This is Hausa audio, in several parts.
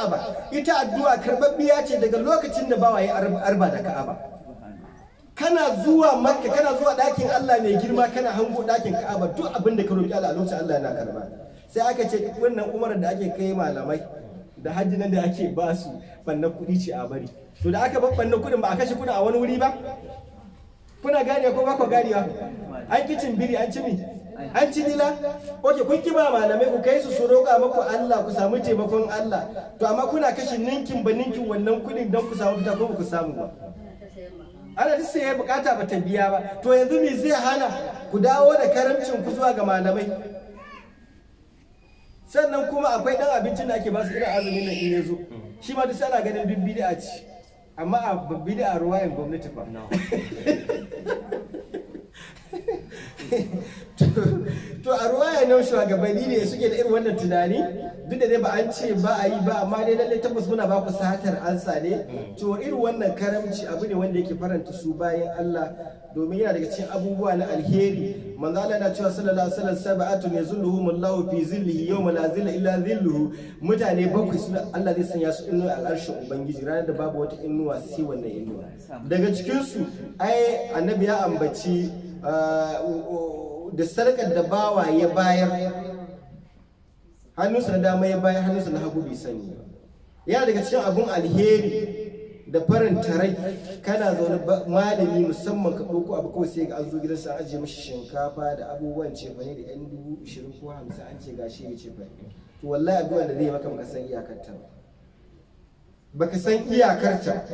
ka'aba ita addu'a karbabbiya ce daga lokacin da bawa ya arba da ka'aba kana zuwa makka kana zuwa ɗakin Allah mai girma kana hango ɗakin Ka'aba duk abin da ka roƙi Allah a lokacin Allah yana karba sai aka ce wannan umar da ake kai malamai da hajji nan da ake ba su banna kuɗi ce a bari to da aka bar banna kuɗin ba a kashe kuɗin a wani wuri ba kuna gane ko ba ku ganewa an kicin biri an cimi an ci dila oke kun kiba malamai ku kai su su roƙa maku Allah ku samu taimakon Allah to amma kuna kashe ninkin ba ninkin wannan kuɗin don ku samu fita ko ku samu ba ana ta sai bukata ba ta biya ba to yanzu me zai hana ku dawo da karamcin ku zuwa ga malamai sannan kuma akwai dan abincin da ake ba su irin azumin nan in ya zo shi ma duk sai ana ganin bibbidi a ci amma a bibbidi a ruwayan gwamnati fa to a ruwaya nan shugabanni ne suke da irin wannan tunani duk da dai ba an ce ba a yi ba amma dai lalle tabbas muna ba ku satar ansa ne to irin wannan karamci abu ne wanda yake faranta su bayan Allah domin yana daga cikin abubuwa na alheri manzo Allah yana cewa sallallahu alaihi wasallam sab'atun yazulluhum Allah fi zillihi yawma la zilla illa zilluhu mutane bakwai suna Allah zai sanya su inuwa arshin ubangiji ranar da babu wata inuwa sai wannan inuwa daga cikin su ai annabi ya ambaci ah, da sarƙar da bawa ya bayar hannunsa na dama ya bayar hannunsa na hagu bai sani yana daga cikin abun alheri da farin tarai. kana zaune malami musamman ka ɗauko abu kawai sai ga an zo gidansa an ajiye mashi shinkafa da abubuwan cefane da yan dubu ishirin ko hamsin an ce gashi ya cefane to wallahi abubuwan da zai maka baka san iyakarta ba baka san iyakarta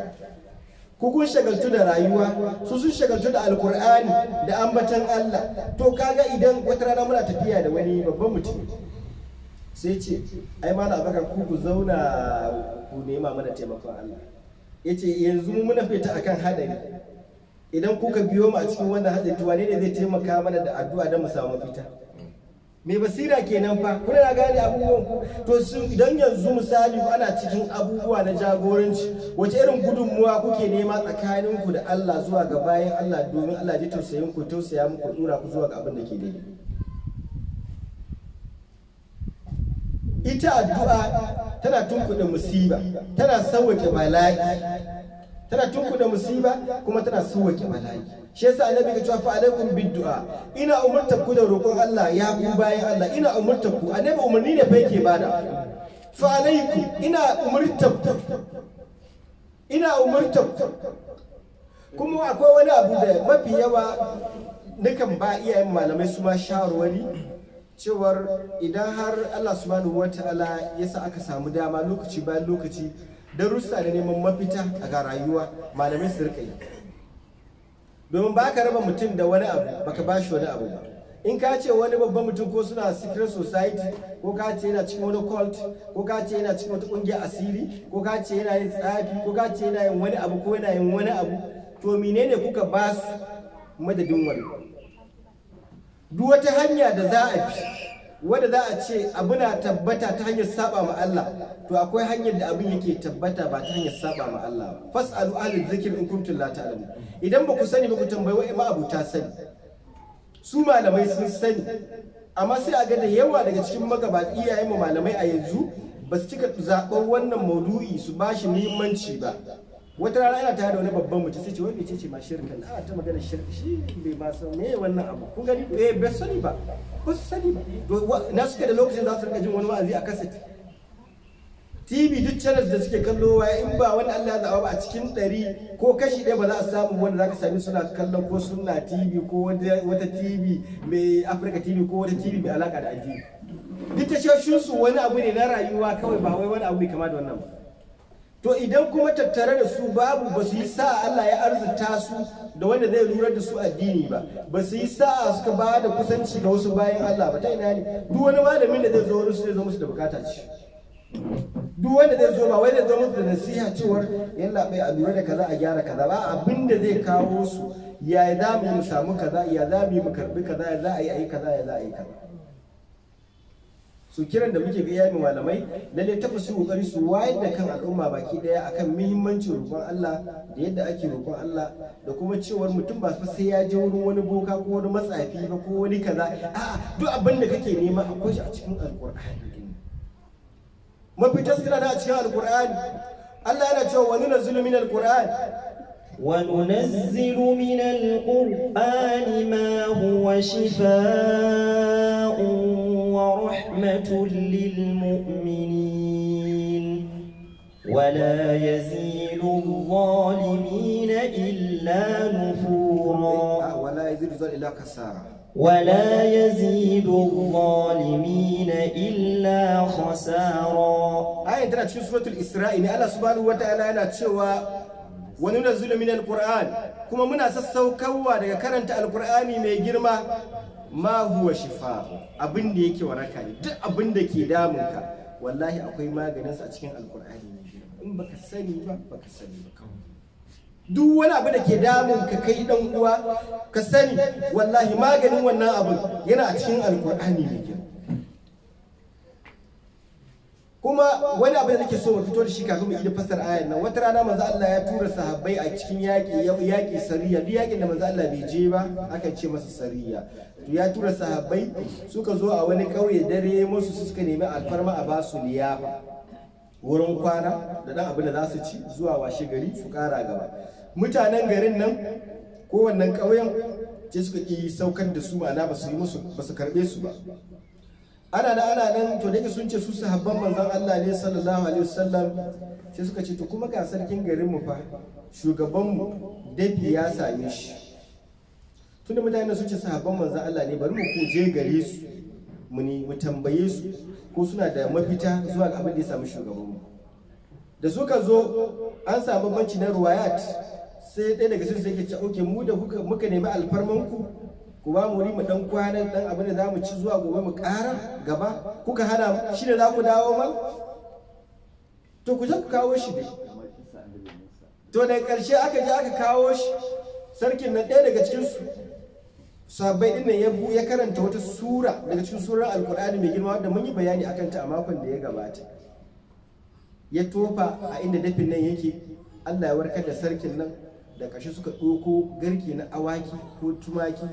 ku kun shagaltu da rayuwa su sun shagaltu da alkur'ani da ambatan Allah to kaga idan wata rana muna tafiya da wani babban mutum sai ce ai malam baka ku ku zauna ku nema mana taimakon Allah yace yanzu mu muna fita akan hadari idan kuka biyo mu a cikin wannan hadari to wane ne zai taimaka mana da addu'a don mu samu fita. mai basira kenan fa kuna na gane abubuwan ku to su idan yanzu misali ana cikin abubuwa na jagoranci wace irin gudunmuwa kuke nema tsakaninku da Allah zuwa ga bayan Allah domin Allah ji tausayin ku tausaya muku dura ku zuwa ga abin da ke daidai ita addu'a tana tunkuɗe musiba tana sauke bala'i tana da musiba kuma tana ke bala'i shi yasa annabi ya cewa fa alaikum bid'a ina umurtar ku da roƙon Allah ya ku bayan Allah ina umurtar ku annabi umarni ne fa yake bada fa alaikum ina umurtar ku ina umurtar ku kuma akwai wani abu da mafi yawa nukan ba iyayen malamai su ma shawarwari cewar idan har Allah subhanahu wataala yasa aka samu dama lokaci bayan lokaci darussa da neman mafita a ga rayuwa malamai su rika yi domin ba ka raba mutum da wani abu baka ba shi wani abu ba in ka ce wani babban mutum ko suna secret society ko ka ce yana cikin wani cult ko ka ce yana cikin wata kungiyar asiri ko ka ce yana yin tsafi ko ka ce yana yin wani abu ko yana yin wani abu to menene kuka ba su madadin wani duk wata hanya da za a fi wadda za a ce abu na tabbata ta hanyar saba ma Allah to akwai hanyar da abin yake tabbata ba ta hanyar saba ma Allah ba fasalu ahli zikir in kuntum la ta'lamun idan ba ku sani ba ku tambayi wa'i ma'abuta sani su malamai sun sani amma sai a ga da yawa daga cikin magabata iyayen mu malamai a yanzu ba su cika zaɓar wannan maudu'i su bashi muhimmanci ba wata rana ana tare da wani babban mace sai ce wai mece ce ma shirka na a ta magana shirka shi bai ba san me wannan abu kun gani eh bai sani ba ba su sani ba na suka da lokacin za su rika jin wani wa'azi a kaset TV duk channels da suke kallo waya in ba wani Allah ya zaba ba a cikin ɗari ko kashi ɗaya ba za a samu wanda za ka sami suna kallon ko suna TV ko wata TV mai Africa TV ko wata TV mai alaka da addini. Duk ta su wani abu ne na rayuwa kawai ba wai wani abu ne kama da wannan ba. to idan kuma tattare da su babu ba su yi sa'a Allah ya arzuta su da wanda zai lura da su addini ba ba su yi sa'a suka ba da kusanci ga wasu bayan Allah ba ta ina ne duk wani malamin da zai zo wurin su zai zo musu da bukata ce duk wanda zai zo ba wai zai zo musu da nasiha cewar yalla bai a lura da kaza a gyara kaza ba abinda zai kawo su ya za mu samu kaza ya za mu karbi kaza ya za a yi kaza ya za a yi kaza Su kiran da muke gaya iyaye malamai lalle tafi su kokari su wayar da kan al'umma baki daya akan muhimmancin roƙon Allah da yadda ake roƙon Allah da kuma cewar mutum ba sai ya je wurin wani boka ko wani matsafi ba ko wani kaza a'a duk abin da kake nema akwai shi a cikin alƙur'ani mafitas suna da a cikin alƙur'ani Allah yana cewa wani na zulumin alƙur'ani وننزل من القرآن ما هو شفاء رحمة للمؤمنين ولا يزيد الظالمين إلا نفورا ولا يزيد الظالمين إلا كسارا ولا يزيد الظالمين إلا خسارا أي ترى تشوف سورة الإسراء إن الله سبحانه وتعالى أنا تشوى وننزل من القرآن كما من أساس سوكوا دقا كرنت القرآن ميجرما ma huwa shifa abin da yake waraka ne duk abin da ke damunka wallahi akwai maganinsa a cikin alkur'ani in baka sani ba baka sani ba duk wani abu da ke damun ka kai dan uwa ka sani wallahi maganin wannan abin yana a cikin alkur'ani ne kuma wani abu da nake so mu fito da shi kafin mu yi fasar ayan nan wata rana manzo Allah ya tura sahabbai a cikin yaƙi yaƙi sariya duk yaƙin da manzo Allah bai je ba akan ce masa sariya to ya tura sahabbai suka zo a wani ƙauye dare musu suka nemi alfarma a basu liyafa wurin kwana da dan abin da za su ci zuwa washe gari su ƙara gaba mutanen garin nan ko wannan ƙauyen ce suka ƙi saukar da su ma'ana ba su yi musu ba su karɓe su ba ana da ana nan to da sun ce su sahabban manzon Allah ne sallallahu alaihi wasallam sai suka ce to kuma ga sarkin garin mu fa shugaban mu ya same shi tunda mutane sun ce sahabban manzon Allah ne bari mu ko je gare su mu ni mu tambaye su ko suna da mafita zuwa ga abin da ya samu shugaban mu da suka zo an samu banci na ruwayat sai ɗaya daga cikin sai ke ce oke mu da muka nemi ku. ku ba mu mu dan kwana dan abin da za mu ci zuwa gobe mu ƙara gaba kuka hana shi da za ku dawo mal to ku je ku kawo shi dai to da ƙarshe aka je aka kawo shi sarkin nan ɗaya daga cikin su sabai din ya ya karanta wata sura daga cikin surar alkur'ani mai girma wanda mun yi bayani akan ta a makon da ya gabata ya tofa a inda dafin nan yake Allah ya warkar da sarkin nan da kashi suka ɗoko garki na awaki ko tumaki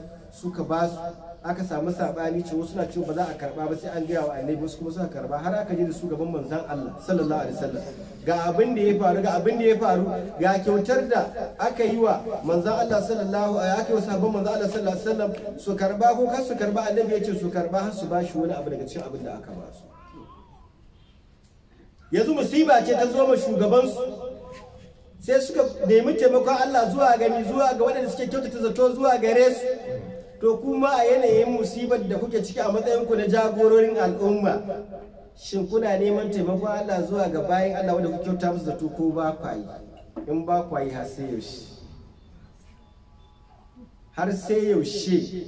suka ba su aka samu sabani ce wasu na cewa ba za a karba ba sai an gaya wa annabi wasu kuma suka karba har aka je da su gaban manzon Allah sallallahu alaihi wasallam ga abin da ya faru ga abin da ya faru ga kyautar da aka yi wa manzon Allah sallallahu alaihi aka yi wa sabon manzon Allah sallallahu alaihi wasallam su karba ko kar su karba annabi ya ce su karba har su ba shi wani abu daga cikin abin da aka ba su yanzu musiba ce ta zo ma shugaban su sai suka nemi taimakon Allah zuwa gani zuwa ga waɗanda suke kyautata zato zuwa gare su to kuma a yanayin musibar da kuke ciki a matsayin ku na jagororin al'umma shin kuna neman taimakon Allah zuwa ga bayan Allah wanda kuke kyauta musu zato ko ba kwa yi in ba kwa yi har sai yaushe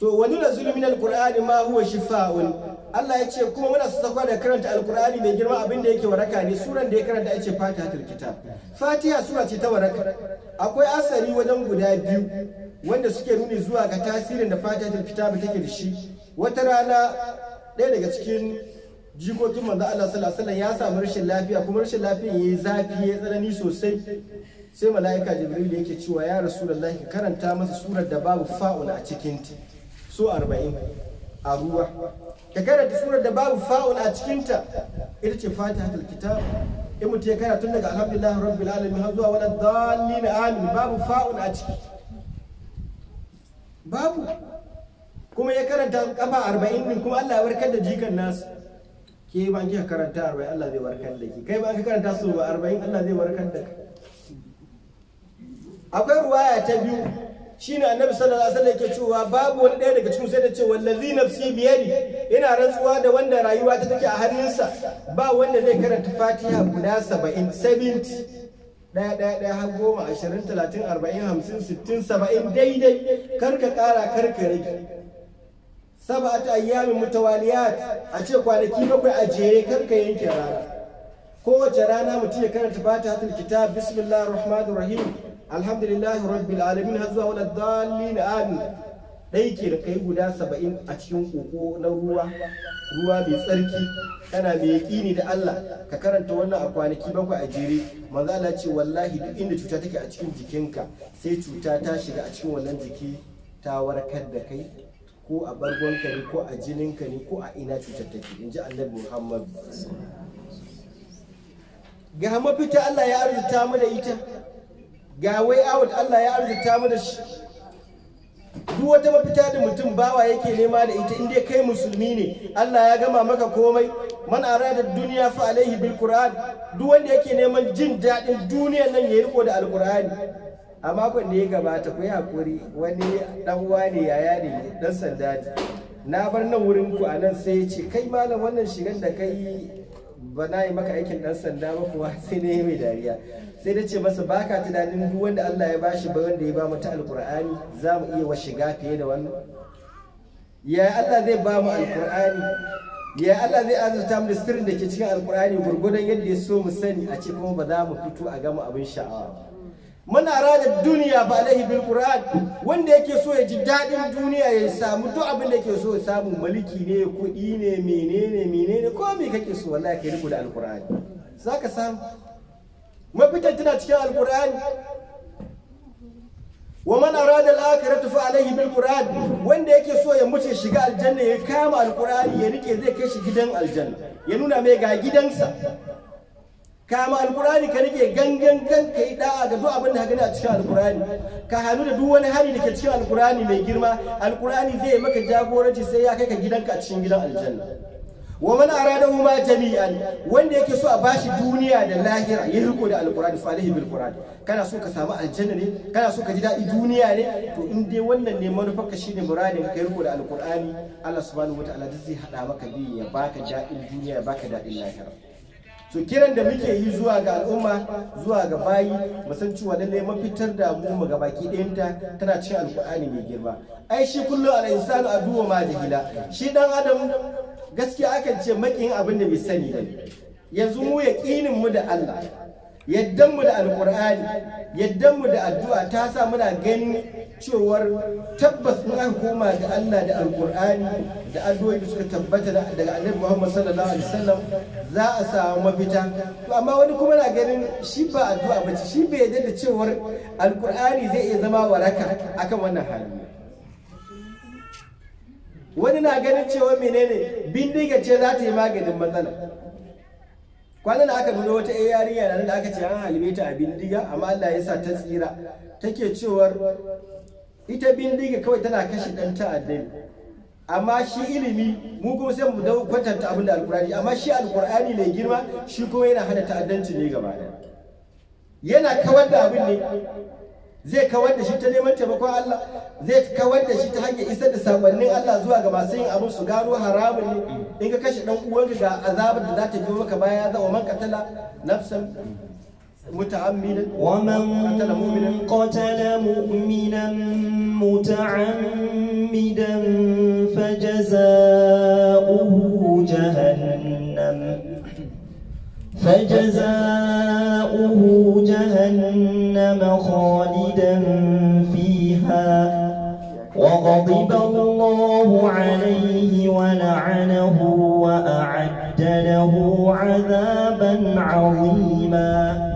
to wani na zulumin alkur'ani ma huwa shifaa'un Allah ya ce kuma muna sakwa da karanta alkurani mai girma abin da yake waraka ne suran da ya karanta ya ce fatihatul kitab fatiha sura ce ta waraka akwai asari wajen guda biyu wanda suke nuni zuwa ga tasirin da fatihatul kitab take da shi wata rana ɗaya daga cikin jikokin manzo Allah sallallahu alaihi ya samu rashin lafiya kuma rashin lafiyan yayi zafi ya tsanani sosai sai mala'ika jibril yake cewa ya rasulullahi karanta masa surar da babu fa'ul a cikin ta su arba'in a ruwa ka karanta surar da babu fa'ul a cikinta ita ce fatihatul kitab in mutum ya karanta tun daga alhamdulillah rabbil alamin har zuwa wala dallin amin babu fa'ul a ciki babu kuma ya karanta kafa arba'in din kuma Allah ya warkar da jikan nasu ke ba kika karanta arba'in Allah zai warkar da ki kai ba ka karanta su arba'in Allah zai warkar da ka akwai ruwaya ta biyu shine annabi sallallahu alaihi wasallam yake cewa babu wani ɗaya daga cikin sai da ce wallazi nafsi biyadi Ina rantsuwa da wanda rayuwa ta take a hannunsa ba wanda zai karanta fatiha guda 70 70 ɗaya ɗaya ɗaya har goma ashirin talatin arba'in hamsin sittin saba'in daidai karka ƙara karka rage ta ayyamin mutawaliyat a ce kwanaki bakwai a jere karka yanke rana kowace rana mutum ya karanta fatihatul kitab bismillahir rahmanir rahim alhamdulillahi rabbil alamin har zuwa wala dallin amin dai ke da kai guda saba'in a cikin koko na ruwa ruwa mai tsarki kana mai yaƙini da Allah ka karanta wannan a kwanaki bakwai a jere manzo Allah ce wallahi duk inda cuta take a cikin jikinka sai cuta ta shiga a cikin wannan jiki ta warkar da kai ko a bargonka ne ko a jininka ne ko a ina cutar take in ji annabi Muhammad ga mafita Allah ya arzuta mana ita ga wai awad Allah ya arzuta mu da shi duk wata mafita da mutum bawa yake nema da ita inda kai musulmi ne Allah ya gama maka komai man arada duniya fa alaihi bil qur'an duk wanda yake neman jin dadin duniya nan ya riko da alqur'ani a makon da ya gabata ku hakori hakuri wani dan wani yaya ne dan sanda na bar nan wurin ku a nan sai ya ce kai malam wannan shigar da kai ba na yi maka aikin dan sanda ba kuma sai ne mai dariya sai da ce masa baka tunanin duk wanda Allah ya bashi ba wanda ya ba ta alkur'ani za mu iya wa shiga fiye da wannan ya Allah zai ba mu alkur'ani ya Allah zai azurta mu da sirrin da ke cikin alkur'ani gurgudan yadda ya so mu sani a ce kuma ba za mu fito a gama abin sha'awa muna rada duniya ba alaihi bil qur'an wanda yake so ya ji daɗin duniya ya samu duk abin da yake so ya samu maliki ne kuɗi ne menene menene ko me kake so wallahi kai riko da alkur'ani zaka samu mafitar tana cikin alkur'ani wa man arada al-akhirata fa alayhi bil qur'an wanda yake so ya mutu shiga aljanna ya kama alkur'ani ya rike zai kai shi gidan aljanna ya nuna mai ga gidansa kama alkurani ka rike gangan kan ka yi da'a ga duk abin da ka gani a cikin alkurani ka hannu da duk wani hari da ke cikin alkurani mai girma alkurani zai maka jagoranci sai ya kai ka gidanka a cikin gidan aljanna wa man aradahu ma jami'an wanda yake so a bashi duniya da lahira ya riko da alquran salihi bil quran kana so ka samu aljanna ne kana so ka ji dadi duniya ne to in dai wannan ne manufarka shine muradin ka riko da alqurani Allah subhanahu wataala zai hada maka biyu ya baka dadin duniya ya baka daɗin lahira To kiran da muke yi zuwa ga al'umma zuwa ga bayi musan cewa lallai mafitar da mu mu gabaki ɗayanta tana cikin alkur'ani mai girma ai shi kullum al insanu aduwa ma jahila shi dan adam gaskiya akan ce makin abin da bai sani ba yanzu mu yaƙinin mu da Allah yaddan mu da alƙur'ani yaddan mu da addu'a ta sa muna ganin cewar tabbas mun an koma ga Allah da alƙur'ani da addu'o'i da suka tabbata daga Annabi Muhammad sallallahu alaihi wasallam za a samu mafita to amma wani kuma na ganin shi ba addu'a bace shi bai yadda da cewar alƙur'ani zai iya zama waraka akan wannan hali wani na ganin cewa menene bindiga ce za ta yi maganin matsala kwanan aka nuna wata yan yarinya nan da aka ce an halime ta a bindiga amma Allah ya sa ta tsira take cewar ita bindiga kawai tana kashe dan ta'adda amma shi ilimi mu kuma sai mu dau kwatanta abin da alkurani amma shi alkurani mai girma shi kuma yana hada ta'addanci ne gaba yana kawar da abin ne zai kawar da shi ta neman taimakon Allah zai kawar da shi ta hanyar isar da sakonnin Allah zuwa ga masu yin abin su gano haramun ne in ka kashe dan uwanka ga azabar da za ta biyo maka baya za wa man qatala nafsan متعمدا ومن قتل مؤمنا قتل مؤمنا متعمدا فجزاؤه جهنم فجزاؤه جهنم جهنم خالدا فيها وغضب الله عليه ولعنه وأعد له عذابا عظيما